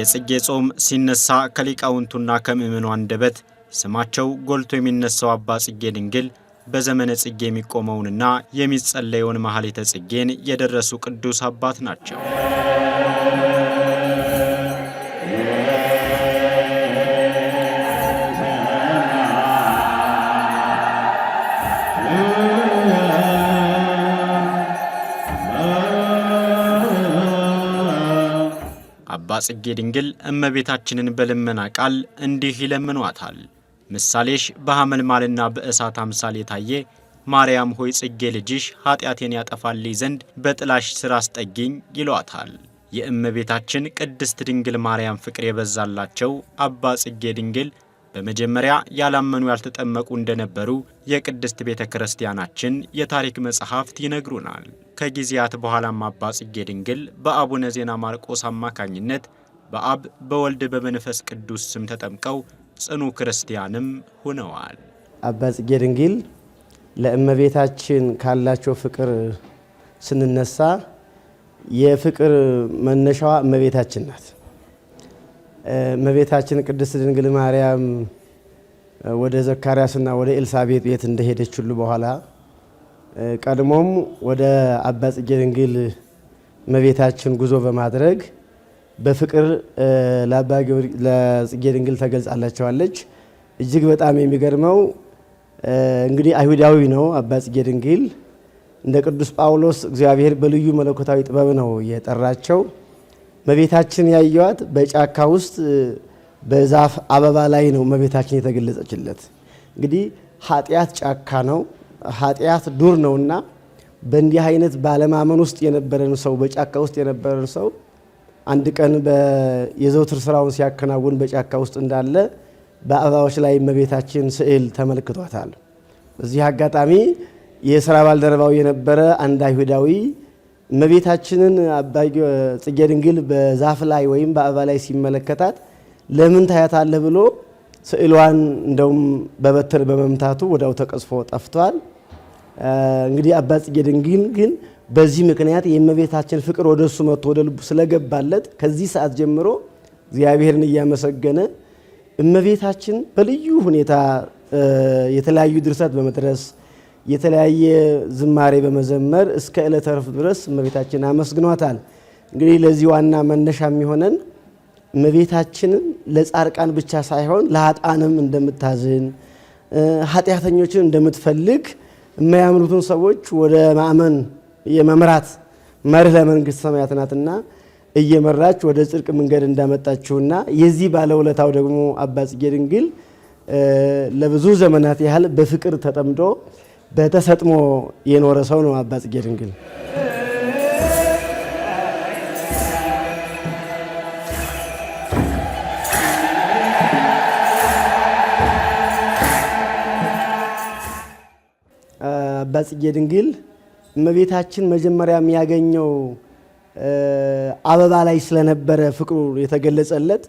የጽጌ ጾም ሲነሳ ከሊቃውንቱና ከምእመኑ አንደበት ስማቸው ጎልቶ የሚነሳው አባ ጽጌ ድንግል በዘመነ ጽጌ የሚቆመውንና የሚጸለየውን ማኅሌተ ጽጌን የደረሱ ቅዱስ አባት ናቸው። ጽጌ ድንግል እመቤታችንን በልመና ቃል እንዲህ ይለምኗታል። ምሳሌሽ በሐመልማልና በእሳት አምሳል የታየ ማርያም ሆይ ጽጌ ልጅሽ ኃጢአቴን ያጠፋልኝ ዘንድ በጥላሽ ስር አስጠጊኝ ይሏታል። የእመቤታችን ቅድስት ድንግል ማርያም ፍቅር የበዛላቸው አባ ጽጌ ድንግል በመጀመሪያ ያላመኑ ያልተጠመቁ እንደነበሩ የቅድስት ቤተ ክርስቲያናችን የታሪክ መጽሐፍት ይነግሩናል። ከጊዜያት በኋላም አባ ጽጌ ድንግል በአቡነ ዜና ማርቆስ አማካኝነት በአብ በወልድ በመንፈስ ቅዱስ ስም ተጠምቀው ጽኑ ክርስቲያንም ሆነዋል። አባ ጽጌ ድንግል ለእመቤታችን ካላቸው ፍቅር ስንነሳ የፍቅር መነሻዋ እመቤታችን ናት። እመቤታችን ቅድስት ድንግል ማርያም ወደ ዘካርያስና ወደ ኤልሳቤጥ ቤት እንደሄደች ሁሉ በኋላ ቀድሞም ወደ አባ ጽጌ ድንግል እመቤታችን ጉዞ በማድረግ በፍቅር ለጽጌ ድንግል ተገልጻላቸዋለች። እጅግ በጣም የሚገርመው እንግዲህ አይሁዳዊ ነው አባ ጽጌ ድንግል። እንደ ቅዱስ ጳውሎስ እግዚአብሔር በልዩ መለኮታዊ ጥበብ ነው የጠራቸው። መቤታችን ያየዋት በጫካ ውስጥ በዛፍ አበባ ላይ ነው መቤታችን የተገለጸችለት። እንግዲህ ኃጢአት ጫካ ነው፣ ኃጢአት ዱር ነውና በእንዲህ አይነት ባለማመን ውስጥ የነበረን ሰው በጫካ ውስጥ የነበረን ሰው አንድ ቀን የዘውትር ስራውን ሲያከናውን በጫካ ውስጥ እንዳለ በአበባዎች ላይ መቤታችን ስዕል ተመልክቷታል። በዚህ አጋጣሚ የስራ ባልደረባው የነበረ አንድ አይሁዳዊ እመቤታችንን አባ ጽጌ ድንግል በዛፍ ላይ ወይም በአበባ ላይ ሲመለከታት ለምን ታያታለህ ብሎ ስዕሏን እንደውም በበትር በመምታቱ ወዲያው ተቀስፎ ጠፍቷል። እንግዲህ አባ ጽጌ ድንግል ግን በዚህ ምክንያት የእመቤታችን ፍቅር ወደ እሱ መጥቶ ወደ ልቡ ስለገባለት ከዚህ ሰዓት ጀምሮ እግዚአብሔርን እያመሰገነ እመቤታችን በልዩ ሁኔታ የተለያዩ ድርሰት በመድረስ የተለያየ ዝማሬ በመዘመር እስከ ዕለተ ረፍት ድረስ እመቤታችን አመስግኗታል። እንግዲህ ለዚህ ዋና መነሻ የሚሆነን እመቤታችንን ለጻድቃን ብቻ ሳይሆን ለሀጣንም እንደምታዝን ኃጢአተኞችን እንደምትፈልግ የማያምኑትን ሰዎች ወደ ማመን የመምራት መርህ ለመንግስት ሰማያት ናትና እየመራች ወደ ጽድቅ መንገድ እንዳመጣችውና የዚህ ባለውለታው ደግሞ አባ ጽጌ ድንግል ለብዙ ዘመናት ያህል በፍቅር ተጠምዶ በተሰጥሞ የኖረ ሰው ነው አባ ጽጌ ድንግል። አባ ጽጌ ድንግል እመቤታችን መጀመሪያ የሚያገኘው አበባ ላይ ስለነበረ ፍቅሩ የተገለጸለት፣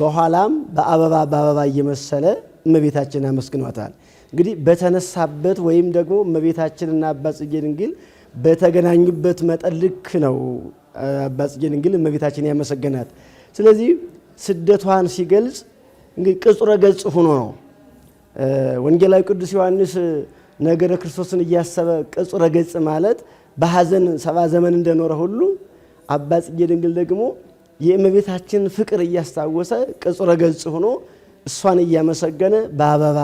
በኋላም በአበባ በአበባ እየመሰለ እመቤታችን አመስግኗታል። እንግዲህ በተነሳበት ወይም ደግሞ እመቤታችንና እና ጽጌ ድንግል በተገናኙበት መጠን ልክ ነው አባጽጌ ድንግል እመቤታችን ያመሰገናት። ስለዚህ ስደቷን ሲገልጽ እንግዲህ ቅጹረ ገጽ ሆኖ ነው። ወንጌላዊ ቅዱስ ዮሐንስ ነገረ ክርስቶስን እያሰበ ቅጹረ ገጽ ማለት በሐዘን ሰባ ዘመን እንደኖረ ሁሉ አባጽጌ ድንግል ደግሞ የእመቤታችን ፍቅር እያስታወሰ ቅጹረ ገጽ ሆኖ እሷን እያመሰገነ በአበባ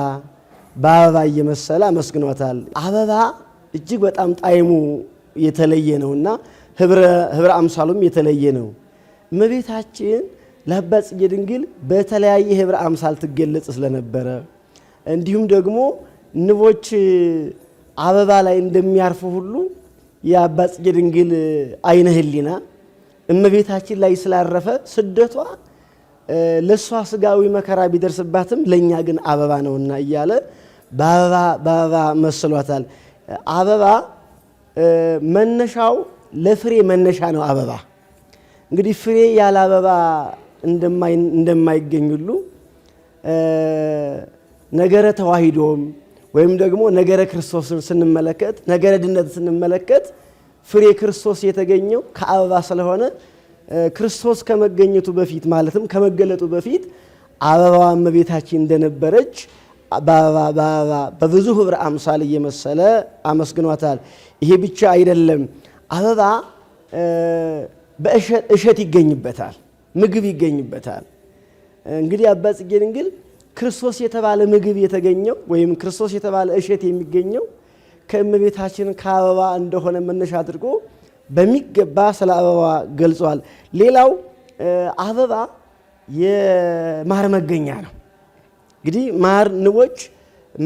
በአበባ እየመሰለ አመስግኗታል። አበባ እጅግ በጣም ጣይሙ የተለየ እና ህብረ አምሳሉም የተለየ ነው። እመቤታችን ለአባ ጽጌ ድንግል በተለያየ ህብረ አምሳል ትገለጽ ስለነበረ እንዲሁም ደግሞ ንቦች አበባ ላይ እንደሚያርፉ ሁሉ የአባ ጽጌ ድንግል አይነ ህሊና እመቤታችን ላይ ስላረፈ ስደቷ ለእሷ ስጋዊ መከራ ቢደርስባትም ለእኛ ግን አበባ ነውና እያለ በአበባ በአበባ መስሏታል። አበባ መነሻው ለፍሬ መነሻ ነው። አበባ እንግዲህ ፍሬ ያለ አበባ እንደማይገኝ ሁሉ ነገረ ተዋሂዶም ወይም ደግሞ ነገረ ክርስቶስን ስንመለከት ነገረ ድነት ስንመለከት ፍሬ ክርስቶስ የተገኘው ከአበባ ስለሆነ ክርስቶስ ከመገኘቱ በፊት ማለትም ከመገለጡ በፊት አበባዋ እመቤታችን እንደነበረች በአበባ በብዙ ህብረ አምሳል እየመሰለ አመስግኗታል። ይሄ ብቻ አይደለም። አበባ በእሸት ይገኝበታል፣ ምግብ ይገኝበታል። እንግዲህ አባ ጽጌ ድንግል ክርስቶስ የተባለ ምግብ የተገኘው ወይም ክርስቶስ የተባለ እሸት የሚገኘው ከእመቤታችን ከአበባ እንደሆነ መነሻ አድርጎ በሚገባ ስለ አበባ ገልጿል። ሌላው አበባ የማር መገኛ ነው። እንግዲህ ማር ንቦች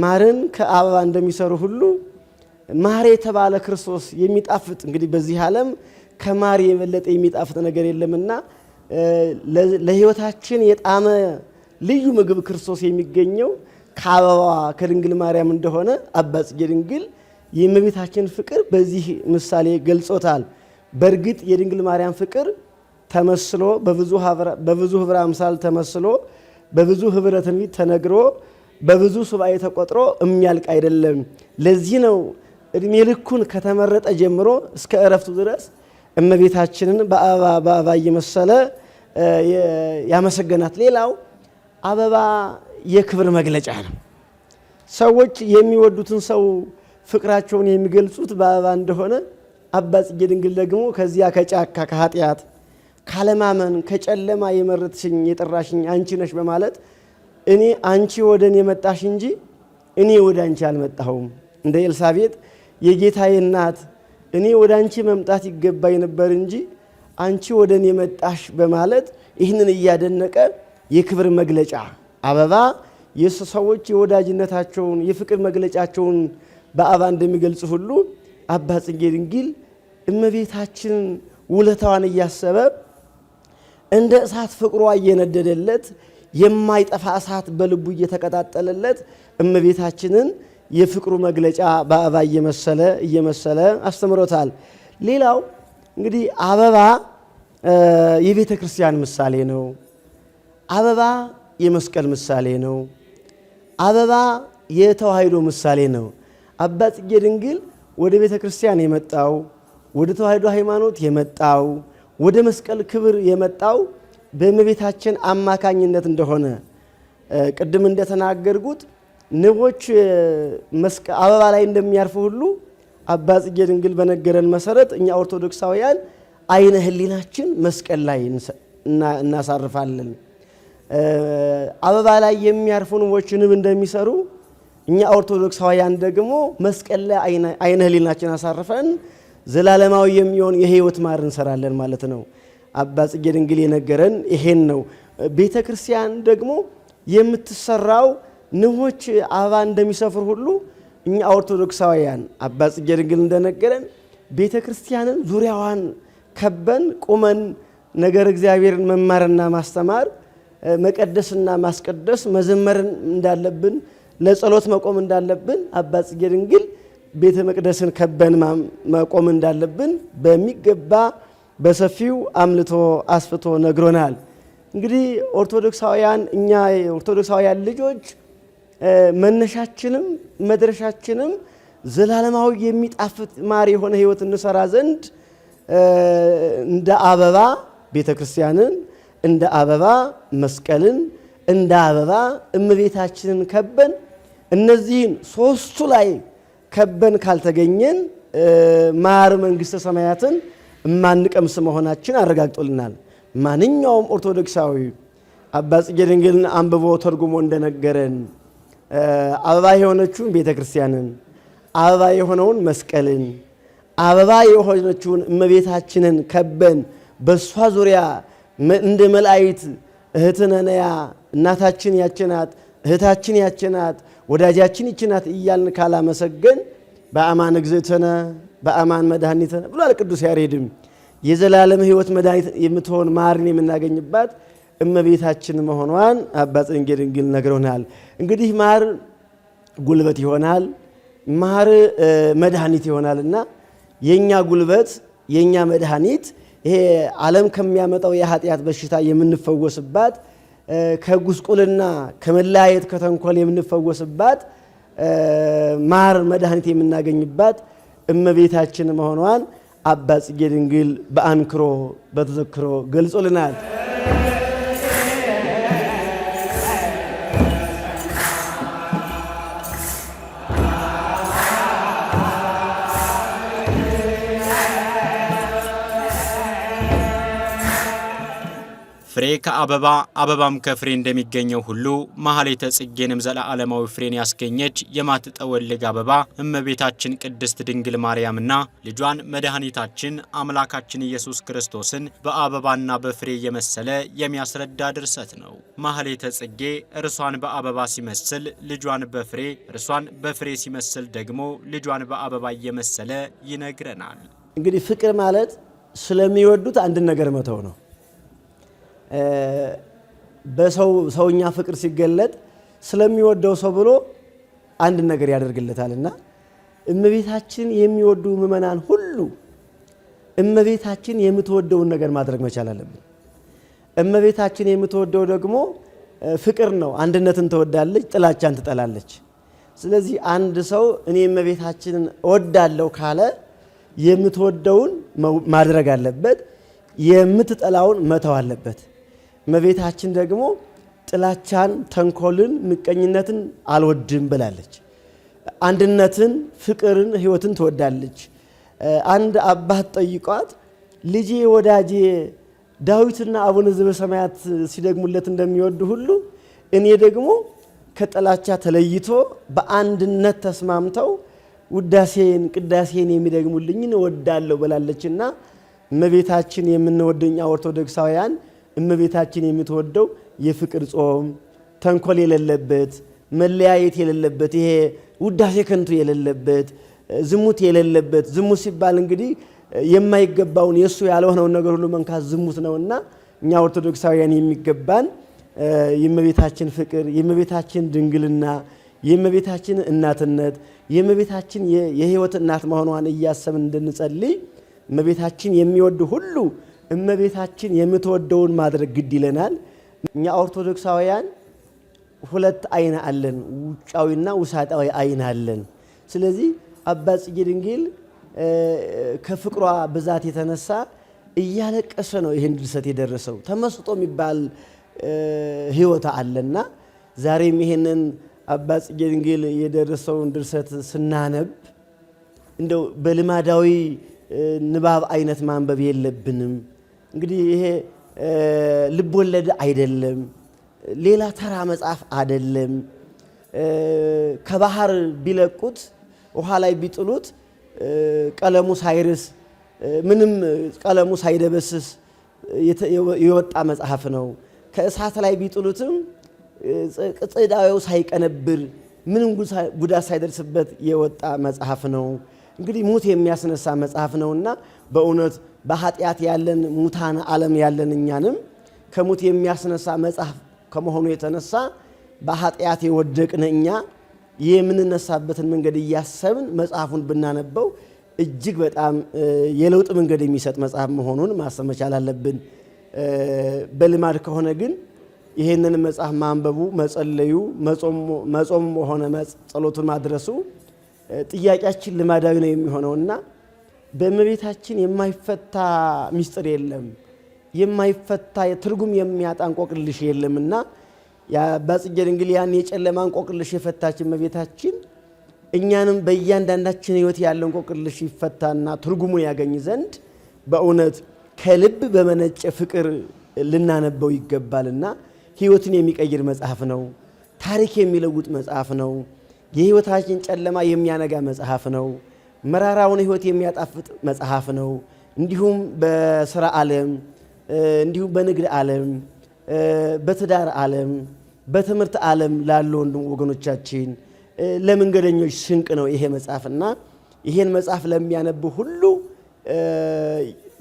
ማርን ከአበባ እንደሚሰሩ ሁሉ ማር የተባለ ክርስቶስ የሚጣፍጥ እንግዲህ በዚህ ዓለም ከማር የበለጠ የሚጣፍጥ ነገር የለምና ለሕይወታችን የጣመ ልዩ ምግብ ክርስቶስ የሚገኘው ከአበባ ከድንግል ማርያም እንደሆነ አባ ጽጌ ድንግል የእመቤታችን ፍቅር በዚህ ምሳሌ ገልጾታል። በእርግጥ የድንግል ማርያም ፍቅር ተመስሎ በብዙ ህብረ አምሳል ተመስሎ በብዙ ህብረ ትንቢት ተነግሮ በብዙ ሱባኤ ተቆጥሮ የሚያልቅ አይደለም። ለዚህ ነው እድሜ ልኩን ከተመረጠ ጀምሮ እስከ እረፍቱ ድረስ እመቤታችንን በአበባ በአበባ እየመሰለ ያመሰገናት። ሌላው አበባ የክብር መግለጫ ነው። ሰዎች የሚወዱትን ሰው ፍቅራቸውን የሚገልጹት በአበባ እንደሆነ አባ ጽጌ ድንግል ደግሞ ከዚያ ከጫካ ከኃጢአት ካለማመን ከጨለማ የመረጥሽኝ የጠራሽኝ አንቺ ነሽ በማለት እኔ አንቺ ወደ እኔ መጣሽ እንጂ እኔ ወደ አንቺ አልመጣሁም፣ እንደ ኤልሳቤጥ የጌታዬ እናት እኔ ወደ አንቺ መምጣት ይገባኝ ነበር እንጂ አንቺ ወደ እኔ መጣሽ በማለት ይህንን እያደነቀ የክብር መግለጫ አበባ ሰዎች የወዳጅነታቸውን የፍቅር መግለጫቸውን በአበባ እንደሚገልጽ ሁሉ አባ ጽጌ ድንግል እመቤታችን ውለታዋን እያሰበ እንደ እሳት ፍቅሯ እየነደደለት የማይጠፋ እሳት በልቡ እየተቀጣጠለለት እመቤታችንን የፍቅሩ መግለጫ በአበባ እየመሰለ እየመሰለ አስተምሮታል። ሌላው እንግዲህ አበባ የቤተ ክርስቲያን ምሳሌ ነው። አበባ የመስቀል ምሳሌ ነው። አበባ የተዋሕዶ ምሳሌ ነው። አባ ጽጌ ድንግል ወደ ቤተ ክርስቲያን የመጣው ወደ ተዋህዶ ሃይማኖት የመጣው ወደ መስቀል ክብር የመጣው በእመቤታችን አማካኝነት እንደሆነ ቅድም እንደተናገርኩት ንቦች አበባ ላይ እንደሚያርፉ ሁሉ አባ ጽጌ ድንግል በነገረን መሰረት እኛ ኦርቶዶክሳውያን አይነ ህሊናችን መስቀል ላይ እናሳርፋለን። አበባ ላይ የሚያርፉ ንቦች ንብ እንደሚሰሩ እኛ ኦርቶዶክሳውያን ደግሞ መስቀል ላይ አይነ ህሊናችን አሳርፈን ዘላለማዊ የሚሆን የህይወት ማር እንሰራለን ማለት ነው። አባ ጽጌ ድንግል የነገረን ይሄን ነው። ቤተ ክርስቲያን ደግሞ የምትሰራው ንሆች አበባ እንደሚሰፍር ሁሉ እኛ ኦርቶዶክሳውያን አባ ጽጌ ድንግል እንደነገረን ቤተ ክርስቲያንን ዙሪያዋን ከበን ቁመን ነገር እግዚአብሔርን መማርና ማስተማር መቀደስና ማስቀደስ መዘመርን እንዳለብን ለጸሎት መቆም እንዳለብን አባ ጽጌ ድንግል ቤተ መቅደስን ከበን መቆም እንዳለብን በሚገባ በሰፊው አምልቶ አስፍቶ ነግሮናል። እንግዲህ ኦርቶዶክሳውያን እኛ የኦርቶዶክሳውያን ልጆች መነሻችንም መድረሻችንም ዘላለማዊ የሚጣፍጥ ማር የሆነ ሕይወት እንሰራ ዘንድ እንደ አበባ ቤተ ክርስቲያንን እንደ አበባ መስቀልን እንደ አበባ እመቤታችንን ከበን እነዚህን ሶስቱ ላይ ከበን ካልተገኘን ማር መንግስተ ሰማያትን እማንቀምስ መሆናችን አረጋግጦልናል። ማንኛውም ኦርቶዶክሳዊ አባጽጌ ድንግልን አንብቦ ተርጉሞ እንደነገረን አበባ የሆነችውን ቤተ ክርስቲያንን፣ አበባ የሆነውን መስቀልን፣ አበባ የሆነችውን እመቤታችንን ከበን በእሷ ዙሪያ እንደ መላእክት እህትነነያ እናታችን ያችናት እህታችን ያችናት ወዳጃችን ይችናት እያልን ካላመሰገን በአማን እግዝእትነ በአማን መድኃኒትነ ብሏል ቅዱስ ያሬድም። የዘላለም ሕይወት መድኃኒት የምትሆን ማርን የምናገኝባት እመቤታችን መሆኗን አባ ጽጌ ድንግል ነግረውናል። እንግዲህ ማር ጉልበት ይሆናል፣ ማር መድኃኒት ይሆናል እና የእኛ ጉልበት የእኛ መድኃኒት ይሄ ዓለም ከሚያመጣው የኃጢአት በሽታ የምንፈወስባት ከጉስቁልና ከመለያየት ከተንኮል የምንፈወስባት ማር መድኃኒት የምናገኝባት እመቤታችን መሆኗን አባ ጽጌ ድንግል በአንክሮ በተዘክሮ ገልጾልናል። ፍሬ ከአበባ አበባም ከፍሬ እንደሚገኘው ሁሉ መሀሌተ ጽጌንም ዘለዓለማዊ ፍሬን ያስገኘች የማትጠወልግ አበባ እመቤታችን ቅድስት ድንግል ማርያምና ልጇን መድኃኒታችን አምላካችን ኢየሱስ ክርስቶስን በአበባና በፍሬ የመሰለ የሚያስረዳ ድርሰት ነው። ማህሌተ ጽጌ እርሷን በአበባ ሲመስል ልጇን በፍሬ እርሷን በፍሬ ሲመስል ደግሞ ልጇን በአበባ እየመሰለ ይነግረናል። እንግዲህ ፍቅር ማለት ስለሚወዱት አንድን ነገር መተው ነው። በሰው ሰውኛ ፍቅር ሲገለጥ ስለሚወደው ሰው ብሎ አንድ ነገር ያደርግለታልና እመቤታችን የሚወዱ ምእመናን ሁሉ እመቤታችን የምትወደውን ነገር ማድረግ መቻል አለብን። እመቤታችን የምትወደው ደግሞ ፍቅር ነው። አንድነትን ትወዳለች፣ ጥላቻን ትጠላለች። ስለዚህ አንድ ሰው እኔ እመቤታችንን እወዳለሁ ካለ የምትወደውን ማድረግ አለበት፣ የምትጠላውን መተው አለበት። እመቤታችን ደግሞ ጥላቻን፣ ተንኮልን፣ ምቀኝነትን አልወድም ብላለች። አንድነትን፣ ፍቅርን፣ ህይወትን ትወዳለች። አንድ አባት ጠይቋት ልጄ ወዳጄ ዳዊትና አቡነ ዘበሰማያት ሲደግሙለት እንደሚወዱ ሁሉ እኔ ደግሞ ከጥላቻ ተለይቶ በአንድነት ተስማምተው ውዳሴን ቅዳሴን የሚደግሙልኝን እወዳለሁ ብላለችና እመቤታችን የምንወደኛ ኦርቶዶክሳውያን እመቤታችን የምትወደው የፍቅር ጾም ተንኮል የሌለበት መለያየት የሌለበት ይሄ ውዳሴ ከንቱ የሌለበት ዝሙት የሌለበት ዝሙት ሲባል እንግዲህ የማይገባውን የእሱ ያልሆነውን ነገር ሁሉ መንካት ዝሙት ነውና እኛ ኦርቶዶክሳውያን የሚገባን የእመቤታችን ፍቅር፣ የእመቤታችን ድንግልና፣ የእመቤታችን እናትነት፣ የእመቤታችን የህይወት እናት መሆኗን እያሰብን እንድንጸልይ እመቤታችን የሚወድ ሁሉ እመቤታችን የምትወደውን ማድረግ ግድ ይለናል። እኛ ኦርቶዶክሳውያን ሁለት አይን አለን፣ ውጫዊና ውሳጣዊ አይን አለን። ስለዚህ አባ ጽጌ ድንግል ከፍቅሯ ብዛት የተነሳ እያለቀሰ ነው ይህን ድርሰት የደረሰው። ተመስጦ የሚባል ህይወት አለና ዛሬም ይሄንን አባ ጽጌ ድንግል የደረሰውን ድርሰት ስናነብ እንደው በልማዳዊ ንባብ አይነት ማንበብ የለብንም። እንግዲህ ይሄ ልብወለድ አይደለም፣ ሌላ ተራ መጽሐፍ አይደለም። ከባህር ቢለቁት ውሃ ላይ ቢጥሉት ቀለሙ ሳይርስ ምንም ቀለሙ ሳይደበስስ የወጣ መጽሐፍ ነው። ከእሳት ላይ ቢጥሉትም ጽዳዊው ሳይቀነብር ምንም ጉዳት ሳይደርስበት የወጣ መጽሐፍ ነው። እንግዲህ ሙት የሚያስነሳ መጽሐፍ ነውና በእውነት በኃጢአት ያለን ሙታን ዓለም ያለን እኛንም ከሙት የሚያስነሳ መጽሐፍ ከመሆኑ የተነሳ በኃጢአት የወደቅን እኛ የምንነሳበትን መንገድ እያሰብን መጽሐፉን ብናነበው እጅግ በጣም የለውጥ መንገድ የሚሰጥ መጽሐፍ መሆኑን ማሰብ መቻል አለብን። በልማድ ከሆነ ግን ይህንን መጽሐፍ ማንበቡ፣ መጸለዩ፣ መጾም ሆነ ጸሎቱን ማድረሱ ጥያቄያችን ልማዳዊ ነው የሚሆነውና በእመቤታችን የማይፈታ ሚስጥር የለም፣ የማይፈታ ትርጉም የሚያጣ እንቆቅልሽ የለምና በጽጌ ድንግል ያን የጨለማ እንቆቅልሽ የፈታችን እመቤታችን እኛንም በእያንዳንዳችን ሕይወት ያለ እንቆቅልሽ ይፈታና ትርጉሙን ያገኝ ዘንድ በእውነት ከልብ በመነጨ ፍቅር ልናነበው ይገባልና ሕይወትን የሚቀይር መጽሐፍ ነው። ታሪክ የሚለውጥ መጽሐፍ ነው። የሕይወታችን ጨለማ የሚያነጋ መጽሐፍ ነው። መራራውን ህይወት የሚያጣፍጥ መጽሐፍ ነው። እንዲሁም በስራ ዓለም እንዲሁም በንግድ ዓለም በትዳር ዓለም በትምህርት ዓለም ላሉ ወንድም ወገኖቻችን ለመንገደኞች ስንቅ ነው ይሄ መጽሐፍ እና ይሄን መጽሐፍ ለሚያነብ ሁሉ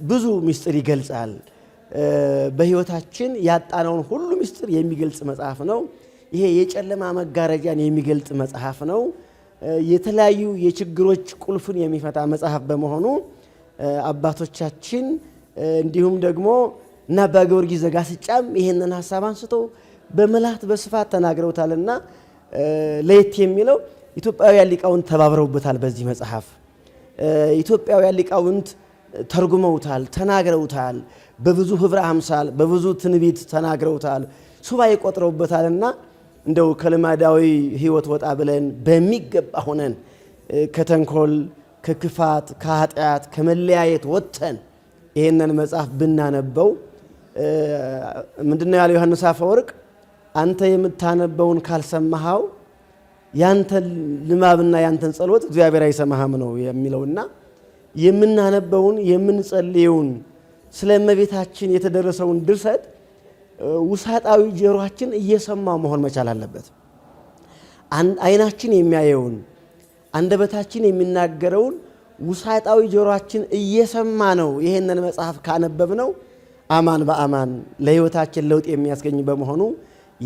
ብዙ ምስጢር ይገልጻል። በህይወታችን ያጣነውን ሁሉ ምስጢር የሚገልጽ መጽሐፍ ነው። ይሄ የጨለማ መጋረጃን የሚገልጽ መጽሐፍ ነው። የተለያዩ የችግሮች ቁልፍን የሚፈታ መጽሐፍ በመሆኑ አባቶቻችን እንዲሁም ደግሞ እና አባ ጊዮርጊስ ዘጋስጫም ይህንን ሀሳብ አንስቶ በመላእክት በስፋት ተናግረውታልና ለየት የሚለው ኢትዮጵያውያን ሊቃውንት ተባብረውበታል። በዚህ መጽሐፍ ኢትዮጵያውያን ሊቃውንት ተርጉመውታል፣ ተናግረውታል። በብዙ ህብረ አምሳል፣ በብዙ ትንቢት ተናግረውታል፣ ሱባኤ ቆጥረውበታልና እንደው ከልማዳዊ ህይወት ወጣ ብለን በሚገባ ሆነን ከተንኮል፣ ከክፋት፣ ከኃጢአት፣ ከመለያየት ወጥተን ይህንን መጽሐፍ ብናነበው ምንድነው ያለው ዮሐንስ አፈወርቅ? አንተ የምታነበውን ካልሰማሃው ያንተን ልማብና ያንተን ጸሎት እግዚአብሔር አይሰማህም ነው የሚለውና የምናነበውን የምንጸልየውን ስለ እመቤታችን የተደረሰውን ድርሰት ውሳጣዊ ጆሮአችን እየሰማ መሆን መቻል አለበት። አይናችን የሚያየውን አንደበታችን የሚናገረውን ውሳጣዊ ጆሮአችን እየሰማ ነው። ይህንን መጽሐፍ ካነበብ ነው አማን በአማን ለህይወታችን ለውጥ የሚያስገኝ በመሆኑ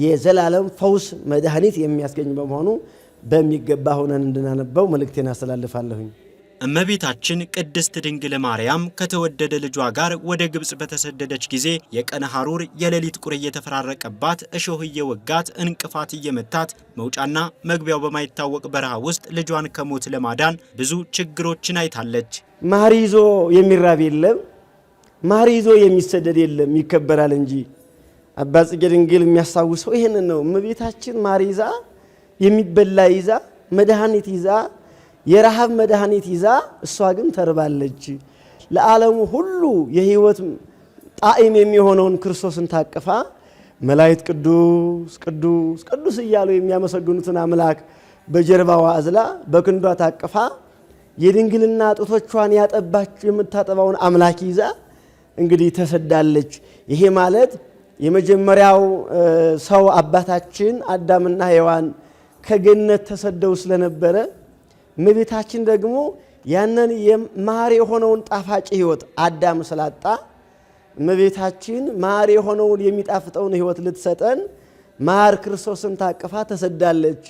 የዘላለም ፈውስ መድኃኒት የሚያስገኝ በመሆኑ በሚገባ ሆነን እንድናነበው መልእክቴን አስተላልፋለሁኝ። እመቤታችን ቅድስት ድንግል ማርያም ከተወደደ ልጇ ጋር ወደ ግብፅ በተሰደደች ጊዜ የቀን ሐሩር የሌሊት ቁር እየተፈራረቀባት፣ እሾህ እየወጋት፣ እንቅፋት እየመታት፣ መውጫና መግቢያው በማይታወቅ በረሃ ውስጥ ልጇን ከሞት ለማዳን ብዙ ችግሮችን አይታለች። ማር ይዞ የሚራብ የለም፣ ማር ይዞ የሚሰደድ የለም፣ ይከበራል እንጂ። አባ ጽጌ ድንግል የሚያስታውሰው ይህንን ነው። እመቤታችን ማር ይዛ የሚበላ ይዛ መድኃኒት ይዛ የረሃብ መድኃኒት ይዛ እሷ ግን ተርባለች። ለዓለሙ ሁሉ የህይወት ጣዕም የሚሆነውን ክርስቶስን ታቅፋ መላእክት ቅዱስ ቅዱስ ቅዱስ እያሉ የሚያመሰግኑትን አምላክ በጀርባዋ አዝላ በክንዷ ታቅፋ የድንግልና ጡቶቿን ያጠባች የምታጠባውን አምላክ ይዛ እንግዲህ ተሰዳለች። ይሄ ማለት የመጀመሪያው ሰው አባታችን አዳምና ሔዋን ከገነት ተሰደው ስለነበረ እመቤታችን ደግሞ ያንን ማር የሆነውን ጣፋጭ ህይወት አዳም ስላጣ እመቤታችን ማር የሆነውን የሚጣፍጠውን ህይወት ልትሰጠን ማር ክርስቶስን ታቅፋ ተሰዳለች።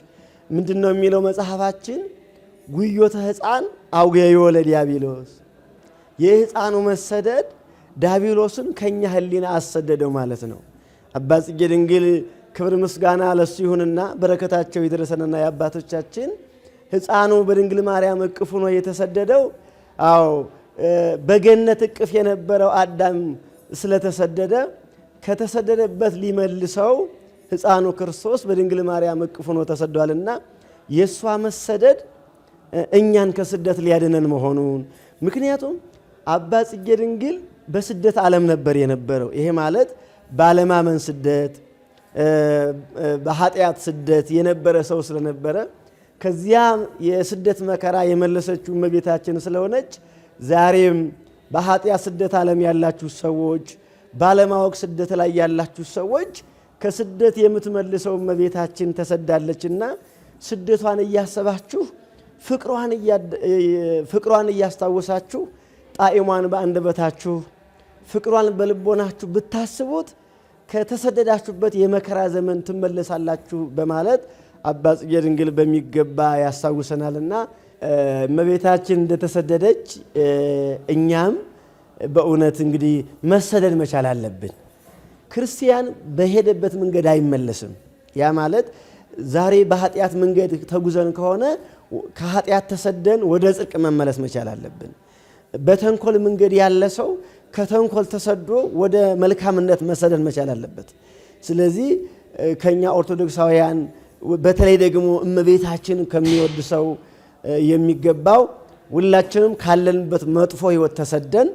ምንድን ነው የሚለው መጽሐፋችን? ጉዮተ ህፃን አውገ የወለ ዲያብሎስ፣ የህፃኑ መሰደድ ዳቢሎስን ከኛ ህሊና አሰደደው ማለት ነው። አባ ጽጌ ድንግል ክብር ምስጋና ለሱ ይሁንና በረከታቸው ይድረሰንና የአባቶቻችን ህፃኑ በድንግል ማርያም እቅፍ ሆኖ የተሰደደው አዎ በገነት እቅፍ የነበረው አዳም ስለተሰደደ ከተሰደደበት ሊመልሰው ህፃኑ ክርስቶስ በድንግል ማርያም እቅፍ ሆኖ ተሰዷልና የእሷ መሰደድ እኛን ከስደት ሊያድነን መሆኑን ምክንያቱም አባ ጽጌ ድንግል በስደት ዓለም ነበር የነበረው። ይሄ ማለት ባለማመን ስደት፣ በኃጢአት ስደት የነበረ ሰው ስለነበረ ከዚያ የስደት መከራ የመለሰችው እመቤታችን ስለሆነች ዛሬም በኃጢአት ስደት ዓለም ያላችሁ ሰዎች፣ ባለማወቅ ስደት ላይ ያላችሁ ሰዎች ከስደት የምትመልሰው እመቤታችን ተሰዳለችና ስደቷን እያሰባችሁ ፍቅሯን እያስታወሳችሁ ጣዕሟን በአንደበታችሁ ፍቅሯን በልቦናችሁ ብታስቡት ከተሰደዳችሁበት የመከራ ዘመን ትመለሳላችሁ በማለት አባ ጽጌ ድንግል በሚገባ ያስታውሰናልና እመቤታችን እንደተሰደደች እኛም በእውነት እንግዲህ መሰደድ መቻል አለብን። ክርስቲያን በሄደበት መንገድ አይመለስም። ያ ማለት ዛሬ በኃጢአት መንገድ ተጉዘን ከሆነ ከኃጢአት ተሰደን ወደ ጽድቅ መመለስ መቻል አለብን። በተንኮል መንገድ ያለ ሰው ከተንኮል ተሰዶ ወደ መልካምነት መሰደድ መቻል አለበት። ስለዚህ ከኛ ኦርቶዶክሳውያን በተለይ ደግሞ እመቤታችን ከሚወድ ሰው የሚገባው ሁላችንም ካለንበት መጥፎ ህይወት ተሰደን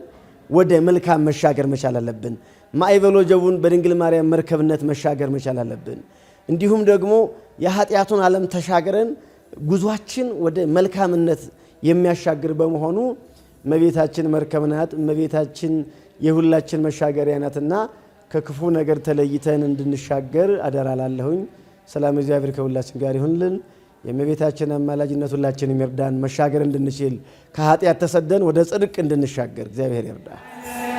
ወደ መልካም መሻገር መቻል አለብን። ማይበሎ ወጀቡን በድንግል ማርያም መርከብነት መሻገር መቻል አለብን። እንዲሁም ደግሞ የኃጢአቱን ዓለም ተሻገረን ጉዟችን ወደ መልካምነት የሚያሻግር በመሆኑ እመቤታችን መርከብ ናት። እመቤታችን የሁላችን መሻገሪያ ናትና ከክፉ ነገር ተለይተን እንድንሻገር አደራላለሁኝ። ሰላም እግዚአብሔር ከሁላችን ጋር ይሁንልን። የእመቤታችን አማላጅነት ሁላችን የሚርዳን መሻገር እንድንችል ከኃጢአት ተሰደን ወደ ጽድቅ እንድንሻገር እግዚአብሔር ይርዳን።